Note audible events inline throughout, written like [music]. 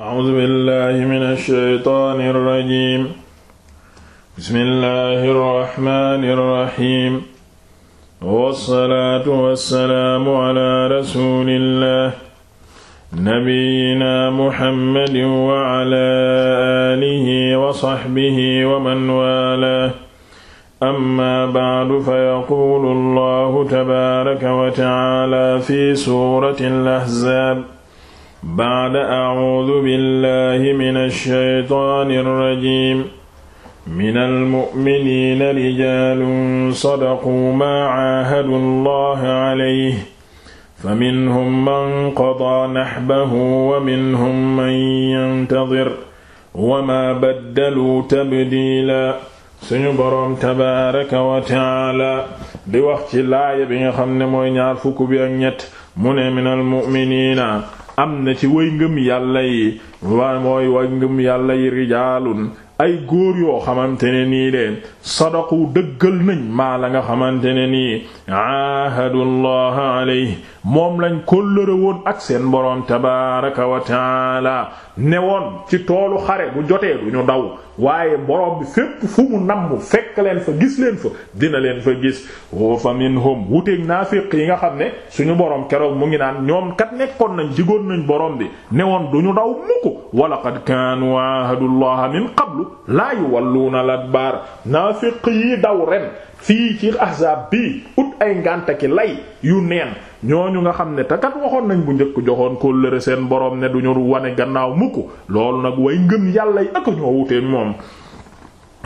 A'uuzu billaahi mina shaytaani rajiim bismillaahi rahmaani rahiim wassalaatu wassalaamu alaa rasuulillaah nabiyyinaa Muhammadin wa alaa aalihi wa sahbihi wa man waalaah amma ba'du fayaquulu Allaahu tabaaraka wa ta'aalaa fi suuratil ahzaab ba'da a'uudu billahi mina shaytaani rajiim minal mu'miniina rijaalun sadaquu maa caahadu allaha calayhi faminhum man qadaa naxbahu wa minhum man yantadir wa maa baddaluu tabdiila suñu boroom tabaaraka wa taala di wax ci laaya bi nga xam ne mooy ñaar fukk bi ak ñett mu ne minal mu'miniina am na ci way ngëm yàlla yi wa mooy way ngëm yàlla yi rijaalun ay góor yoo xamante ne nii leen sadaqu dëggal nañ maa la nga xamante ne nii ahadu allah moom lañ kóllëre woon ak seen boroom tabaraka wa ne woon ci toolu xare bu jotee ñu daw waaye boroom bi fépp fu mu namm fekk leen fa gis leen fa dina leen fa gis wa fa minhum wuteeg naafiq yi nga xam ne suñu boroom keroog mu ngi naan ñoom kat nekkoon nañ jigoon nañu boroom bi ne woon du ñu daw mukk wa laqad kaanu ahadu allah min qablu laa yuwalluuna al adbaar naafiq yi daw ren fii ci ahzaab bi ut ay ngàntaki lay yu neen ñooñu nga xam ne te kat waxoon nañ bu njëkk joxoon ko lëre seen boroom ne duñu wane gannaaw mukk loolu nag way ngëm yàlla yi ak ñoo wuteen moom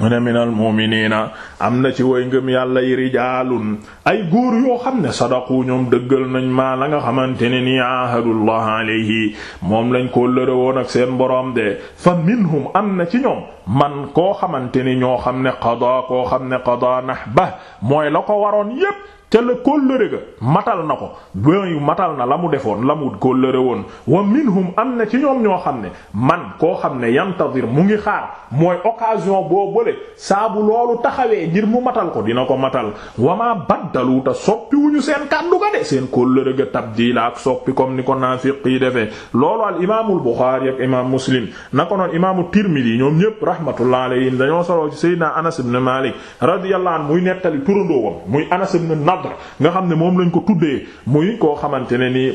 mu ne minal mu'minina am na ci way ngëm yàlla yi rijaalun ay góor yoo xam ne sadaqu ñoom dëggal nañ maa la nga xamante ne ni ahadullah alayhi moom lañ ko lëre woon ak seen boroom de fa minhum am na ci ñoom man koo xamante ni ñoo xam ne qada koo xam ne qada ba mooy la ko waroon yépp ca kóllëre ga matal na ko boyu matal na la mu defoon la mu kóllëre woon wa minhum am na ci ñoom ñoo xam ne man koo xam ne yantadir mu ngi xaar mooy occasion boo bële saabu bu loolu taxawee ngir mu matal ko dina ko matal wama baddalu te soppiwuñu seen kàddu ga de seen kóllëre ga tabdiila ak soppi comme ni ko naafiq yi loolu al imaamul Buxaari ak imaam Muslim na rahmatullah alayhim dañoo soloo ci sayyidina Anas ibn Malik radiyallahu anhu muy nettali turandoowam muy Anas ibn Nadr nga xam ne moom lañ ko tuddee muy koo xamante ne nii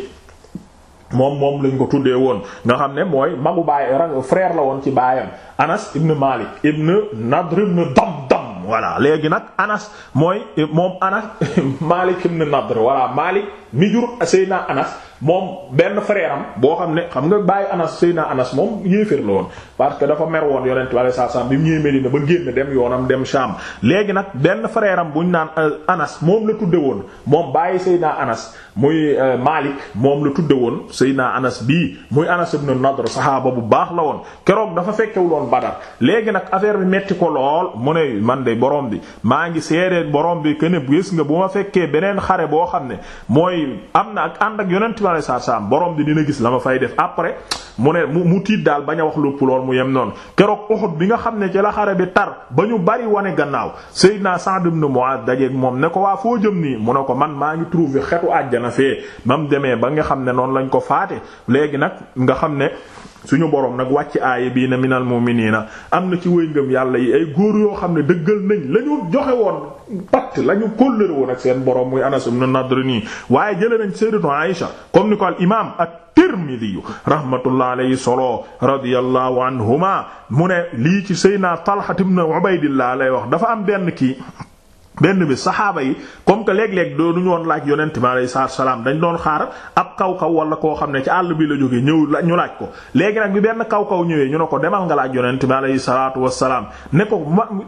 moom moom lañ ko tuddee woon nga xam ne mooy magu baay frère la woon ci baayam Anas ibn Malik ibn Nadr dom Damdam voilà léegi nag Anas mooy moom Anas [laughs] Malik ibn Nadr voilà Malik mi jur Seyna Anas moom benn frère am boo xam ne xam nga bàyyi Anas Seyna Anas moom yéeféer la woon parce que dafa mer woon yonent bi saa saa bi mu ñëwee Medina ba génn dem yoonam dem Sham léegi nag benn frère am ñu naan euh, Anas moom la tudde woon moom bàyyi Seyna Anas muy euh, Malik moom la tudde woon Seyna Anas bii muy Anas ibn Nadr saxaaba bu baax la woon keroog dafa fekkewul loon Badar léegi nag affaire bi metti ko lool mu ne man de borom bi maa ngi seede borom bi que ne gis nga bu ma fekkee beneen xare boo xam ne mooy am na ak ànd ak yonent bi sallallahu alayhi wasallam bi dina gis la ma fay def après mu ne mu mu tiit daal ba a wax lupp lool mu yem noonu keroog Uhud bi nga xam ne ci la xare bi tar ba ñu bari wane gannaaw Seydina Sa'd moo Mu'adh dajeeg moom ne ko waa foo jëm nii mu ne ko man maa ngi trouvé xetu àjjana fee ba mu demee ba nga xam ne noonu lañ ko faate léegi nag nga xam ne suñu borom nag wàcc aaya bii na minal mu'minina am na ci wëy ngëm yàlla yi ay góor yoo xam ne dëggal nañ lañu joxe woon patt la ñu kóllëre woon ak seen borom muy Anas ibn Nadr nii waaye jëlee nañ tirmidiyu rahmatullah alayhi solo radiyallahu anhuma mu ne lii ci seyna talhat ibn ubaydillah lay wax dafa am benn kii benn bi saxaaba yi comme que léeg-léeg doonu ñoon laaj yonent bi alayhi salaatu salaam dañ doon xaar ab kaw kaw wala koo xam ne ci àll bi la jógee ñëw ñu laaj ko léegi nag benn kaw kaw ñëwee ñu ne ko demal nga laaj yonent bi alayhi salaatu wassalaam ne ko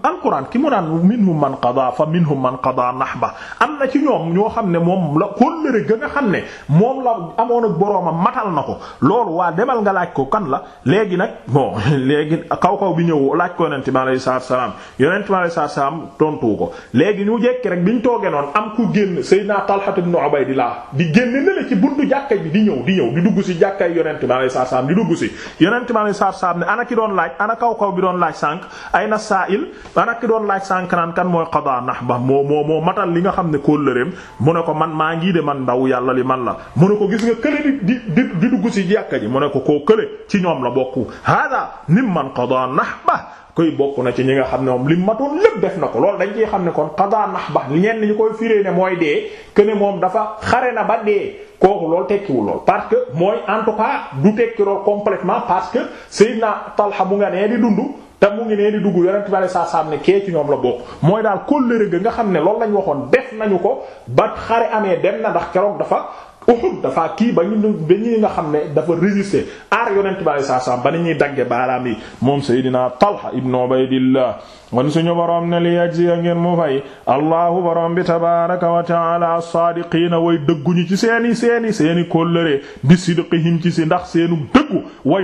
alquran ki mu naan minhum man qada fa minhum man qada nahba am na ci ñoom ñoo xam ne moom la kóllëre ga nga xam ne moom la amoon ak boroomam matal na ko loolu waa demal nga laaj ko kan la léegi nag [laughs] léegi kaw kaw bi ñëw laaj ko yonent bi alayhi salaam yonent bi alayhi salaatu salaam tontuwu ko léegi léegi ñu jekki rek bi ñu toogee noonu am ku génn Seydina Talha ibn Ubaydillah di génn ne la ci buntu jàkka bi di ñëw di ñëw di dugg si jàkkaay yonent bi alayhi salaam di si yonent bi alayhi salaam ne ana ki doon laaj ana kaw kaw bi doon laaj sànq ay na sa'il ana ki doon laaj sànq naan kan mooy qada nahba moo moo moo matal li nga xam ne koo kóllëreem mu ne ko man maa ngii de man ndaw yàlla li man la mu ne ko gis nga kële di di di dugg si jàkka ji mu ne ko koo kële ci ñoom la bokku hada mimman qada nahba koy bokk na ci ñi nga xam ne moom lim matoon lépp def na ko loolu dañ ciy xam ne kon qada nahba li ñenn ñi koy firee ne mooy dee que ne moom dafa xare na ba dee kooku loolu tekkiwul lool parce que mooy en tout du tekki lool complètement parce que Seydina Talha mu nga nee di dund te mu ngi nee di dugg yonent bi saa saam ne kee ci ñoom la bokk mooy daal kóllëre ga nga xam ne loolu lañ waxoon def nañu ko ba xare amee dem na ndax keroog dafa Uhud dafa kii ba ñu ba ñi nga xam ne dafa résister aar yonent bi sallallahu alayhi wasallam ba ni ñuy dagge baaraam yi moom Seydina Talha ibn Ubaydillah kon suñu borom ne li yajziya ngir mu fay allahu borom bi tabaaraka wa ta'ala as-saadiqiina way dëgguñu ci seeni seeni seeni kóllëre bi sidqihim ci si ndax seenu dëggu wa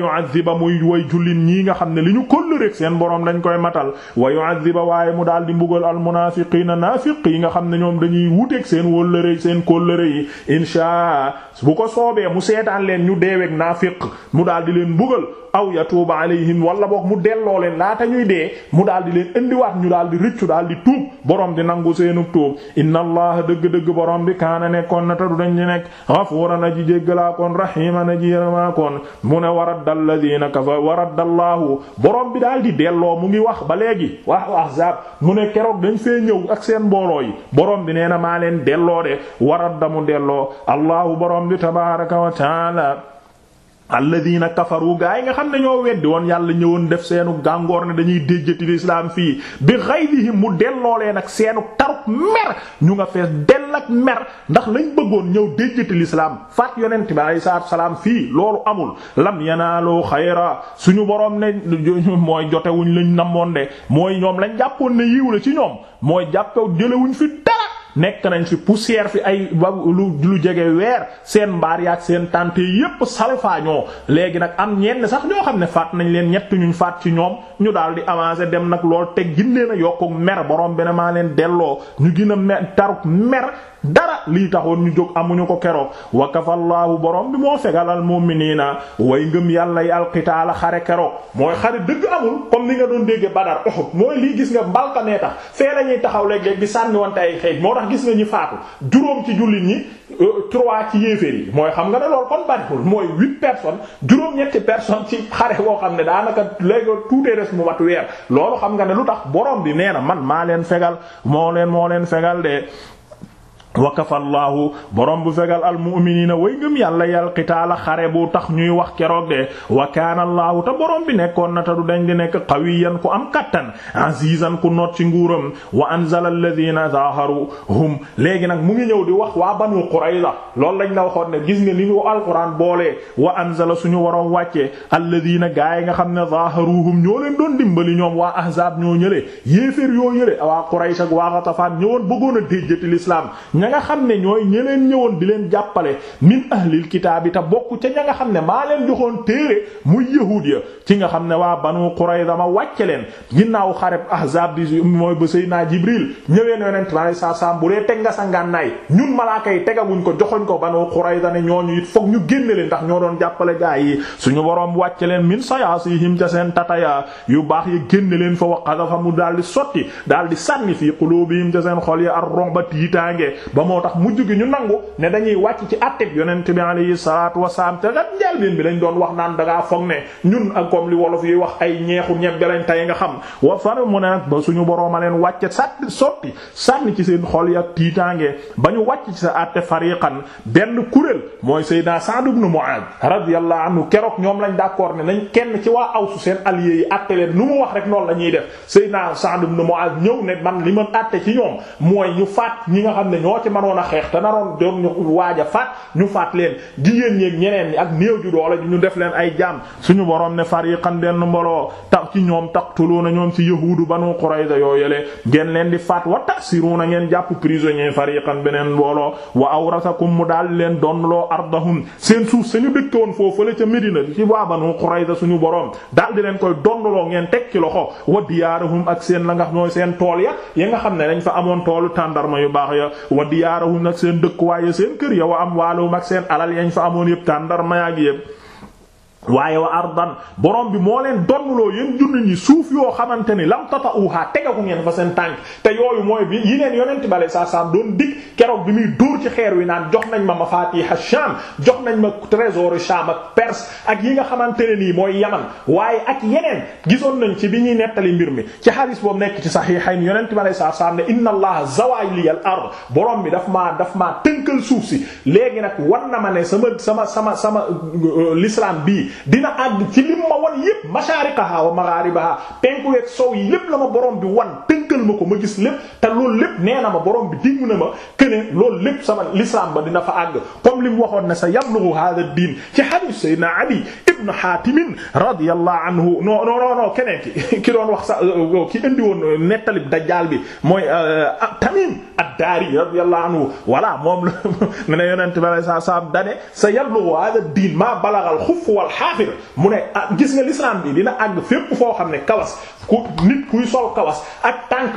ba muy way jullit ñii nga xam ne li ñu kóllëreek seen borom dañ koy matal wa ba waaye mu daal di mbugal al-munaafiqiina naafiq yi nga xam ne ñoom dañuy wuteek seen wóllëre seen kóllëre yi inshaa bu ko soobee mu seetaan leen ñu deeweek naafiq mu daal di leen mbugal aw yatuuba alayhim wala boog mu delloo leen laata ñuy dee mu daal di leen indiwaat ñu daal di rëccu daal di tuub borom di nangu seenu tuub inna allah dëgg-dëgg borom bi kaana nekkoon na ta du dañ di nekk gafuuran aji jéggalaa koon rahiman aji yërëmaa koon mu ne waradda alladina kafa waradda allaahu borom bi daal di delloo mu ngi wax ba léegi wax ahzab mu ne keroog dañ fee ñëw ak seen mbooloo yi borom bi nee na maa leen delloo de waradda mu delloo allahu borom bi alladina kafaru gaa yi nga xam ne ñoo weddi woon yàlla ñëwoon def seenu gàngoor ne dañuy déjjati lislaam fii bi ghaydihim mu delloo leen ak seenu taruk mer ñu nga fees dell ak mer ndax lañ bëggoon ñëw déjjati lislaam faat yonent bi alayhi salaatu salaam fii loolu amul lam yanaaloo xayra suñu boroom ne mooy jotewuñ lañ namoon de mooy ñoom lañ jàppoon ne yiw ci ñoom mooy jàppew jëlewuñ fi nekk nañ fi poussière fi ay ba lu lu jege weer seen mbaar yaak seen tante yépp salfaañoo léegi nag am ñenn sax ñoo xam ne faat nañ leen ñett ñu faat ci ñoom ñu daal di avancer dem nag lool teg ginnee na yokku mer borom bi ne maa leen delloo ñu gën a mer taruk mer dara lii taxoon ñu jóg amuñu ko keroog wakafallaahu borom bi moo fegalal mu'miniina way ngëm yàlla yi alqitaala xare keroog mooy xare dëgg amul comme ni nga doon dégge Badar Uhud mooy lii gis nga mbalka nee tax fee lañuy taxaw léeg-léeg di sànniwante ay xeej ndax gis nañu faatu juróom ci jullit ñi euh, trois ci yéeféer yi mooy xam nga ne loolu kon bariwul mooy huit personnes juróom-ñetti personnes ci xare woo xam ne daanaka léegi tuutee des mu wat weer loolu xam nga ne lu tax borom bi nee na man maa leen segal moo leen moo leen fegal de wakafallaahu borom bu fegal almu'miniina way ngëm yàlla yal qitaala xare bu tax ñuy wax keroog de wa kaana allaahu te borom bi nekkoon na ta du dañ di nekk qawiyan ku am kattan azizan ku noot ci nguuram wa anzala alladhiina zaaharuhum léegi nag mu ngi ñëw di wax waa banu qurayza loolu lañ la waxoon ne gis nga li ñu alquran boole wa anzala suñu waroon wàcce alladhiina gaa yi nga xam ne zaaharuhum ñoo leen doon dimbali ñoom waa ahzaab ñoo ñële yéeféer yoo ñële waa quraysh ña nga xam ne ñooy ña ñëwoon di leen jàppale min ahlil kitaabi te bokk ca ña nga xam ne maa leen joxoon téere muy yahuud ya ci nga xam ne waa banu Qurayza ma wàcce leen ginnaaw xareb ahzaab bi mooy ba Seydina Jibril ñëween yonent ma lay saa saam bu dee teg nga sa ngànnaay ñun malaaka yi tegaguñ ko joxoñ ko banu Qurayza ne ñooñu it foog ñu génne leen ndax ñoo doon jàppale gaa yi suñu boroom wàcce leen min sayaasihim ca seen tataya yu baax yi génne leen fa wa qadafa mu daal di sotti daal di sànni fii qulubihim ca seen xol yi ar-ru'ba tiitaange ba moo tax mujj gi ñu nangu ne dañuy wàcc ci atteb yonent bi alayhi salaatu wasalaam te kat bi lañ doon wax naan da ngaa ñun ak comme li wolof yi wax ay ñeexu ñebbe lañ tey nga xam wa far mu ne nag ba suñu borom a leen wàcce sàtt sotti sànni ci seen xol yi ak ba ñu wàcc ci sa atte fariqan benn kuréel mooy Seydina Sa'd ibn Mu'adh radiyallahu anhu keroog ñoom lañ d'accord ne nañ kenn ci waa Aws seen alliés yi atte leen mu wax rek noonu la ñuy def Seydina nu mu Mu'adh ñëw ne man li ma atte ci ñoom mooy ñu faat ñi nga xam ne ñoo ci manoon a xeex te naroon doon ñu waaj a faat ñu faat leen jigéen ñeeg ñeneen ñi ak néew ju doole ñu def leen ay jaam suñu borom ne fariqan denn mbooloo ci ñoom na ñoom ci yahuudu banu Qurayza yoo yele ngeen leen di faat wa tasiruuna ngeen jàpp prisonnier fariqan beneen mbooloo wa awrasakum mu daal di leen donnloo ardahum seen suuf sañu dëkkoon foofu la ca Medina ci waa banu Qurayza suñu boroom daal di leen koy donnloo ngeen teg ci loxo wa diyaarahum ak seen la nga ñooy seen tool ya ya nga xam ne dañ fa amoon toolu tàndarma yu baax ya wa diyaarahum ak seen dëkkuwaay ya seen kër ya wa amwaalahum ak seen alal yañ fa amoon yépp tàndarma yaa gi waaye wa ardan borom bi moo leen donnuloo yéen junni ñi suuf yoo xamante ni lam tata uha tegaku ngeen fa seen tànk te yooyu mooy bi yi leen yonent bale saa saam doon dig keroog bi muy dóor ci xeer wi naan jox nañ ma mafaatiha Sham jox nañ ma trésor Sham ak Perse ak yi nga xamante ne nii mooy Yaman waaye ak yeneen gisoon nañ ci bi ñuy nettali mbir mi ci hadis boobu nekk ci saxiixayn yonent bi alayhi salaam ne inna allaha zawaali al ard borom bi daf maa daf maa tënkal suuf si léegi nag wan na ma ne sama sama sama sama euh, l'islam bii dina àgg ci lim ma wan yépp mashaariqaha wa magharibaha penku ak sow yi yépp la ma borom bi wan ma ko ma gis lépp te loolu lépp nee na ma borom bi digg na ma këne loolu lépp sama l'islam ba dina fa àgg comme li mu waxoon ne sa yablughu hadha ad-din ci hadith sayyidina Ali ibn Hatim radiyallahu anhu non non non keneen ki [laughs] ki doon wax sa euh, ki indi woon euh, nettalib dajjaal bi mooy euh, Tamim ad-Dari radiyallahu anhu voilà moom la mu [laughs] ne yonent bi sallallahu alayhi wasallam dane sa yablughu hadha ad-din ma balagha al-khuff wal-hafir mu ne ah, gis nga l'islam bi dina àgg fépp foo xam ne kawas ku nit kuy sol kawas ak tànk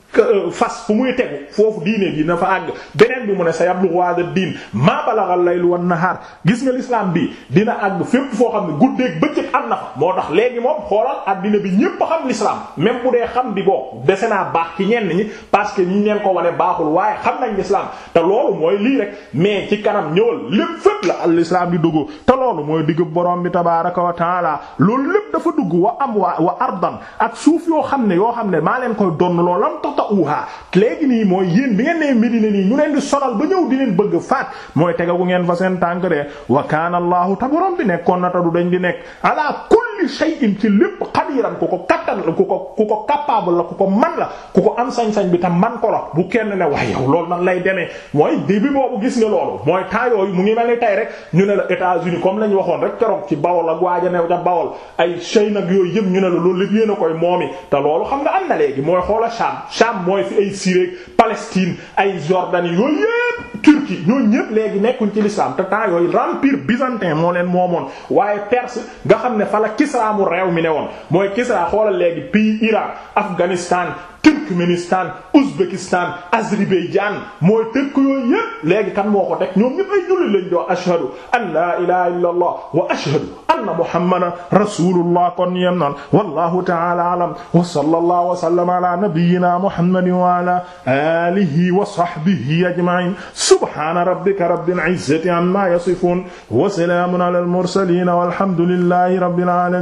Euh, fas fu muy tegu foofu diine dina fa àgg beneen bi mu ne sa yablu waada diin maa balagal laylu wan nahaar gis nga l'islam bi dina àgg fépp foo xam ne guddeeg bëccëg am na moo tax léegi moom xoolal addina bi ñépp a xam l'islam même bu dee xam di boo dese naa baax ci ñenn ñi parce que ñi leen ko wane baaxul waaye xam nañ l'islam te loolu mooy lii rek mais ci kanam ñëwal lépp fépp la l'islam di dugg te loolu mooy digg borom bi tabaaraka wa taala loolu lépp dafa dugg wa am wa wa ardan ak suuf yoo xam ne yoo xam ne maa leen koy donn loolu qata'uha léegi nii mooy yéen bi ngeen nee Medina nii ñu leen di sonal ba ñëw di bëgg faat mooy tegagu ngeen fa seen tànk de wa kaana Allahu tabaram bi nekkoon na ta du dañ di nekk ala kulli shay'in ci lépp xadiran ku ko kattan la ku ko ku ko capable la ku ko man la ku ko am sañ-sañ bi tam man ko la bu kenn ne waaye yow lool man lay demee mooy début boobu gis nga loolu mooy temps yooyu mu ngi mel ni tey rek ñu ne la états uni comme lañ waxoon rek keroog ci Bawol ak waaja new ca Bawol ay shay nag yooyu yëpp ñu ne la loolu lépp yéen a moom moomi te loolu xam nga am na léegi mooy xoola Sham Sham mooy fi ay Syrie Palestine ay Jordanie yooyu Turquie ñooñu ñëpp léegi nekkuñ ci l'islam te temps yooyu l'empire byzantin moo leen moomoon waaye perse nga xam ne fa la Kisra mu réew mi ne woon mooy Kisra xoolal léegi pays Irak Afghanistan Turkménistan Ouzbékistan Azerbaïdjan mooy tëkk yooyu yépp léegi kan moo ko teg ñoom ñépp ay julli lañ doo ashhadu an laa ilaha illa allah wa ashhadu anna muhammadan rasulullah kon yem noon wallahu ta'ala a'lam wa sallallahu wa sallama ala nabiyyina muhammadin wa ala alihi wa sahbihi ajma'in subhana rabbika rabbil izzati amma yasifun wa salamun ala al mursalin walhamdulillahi rabbil alamin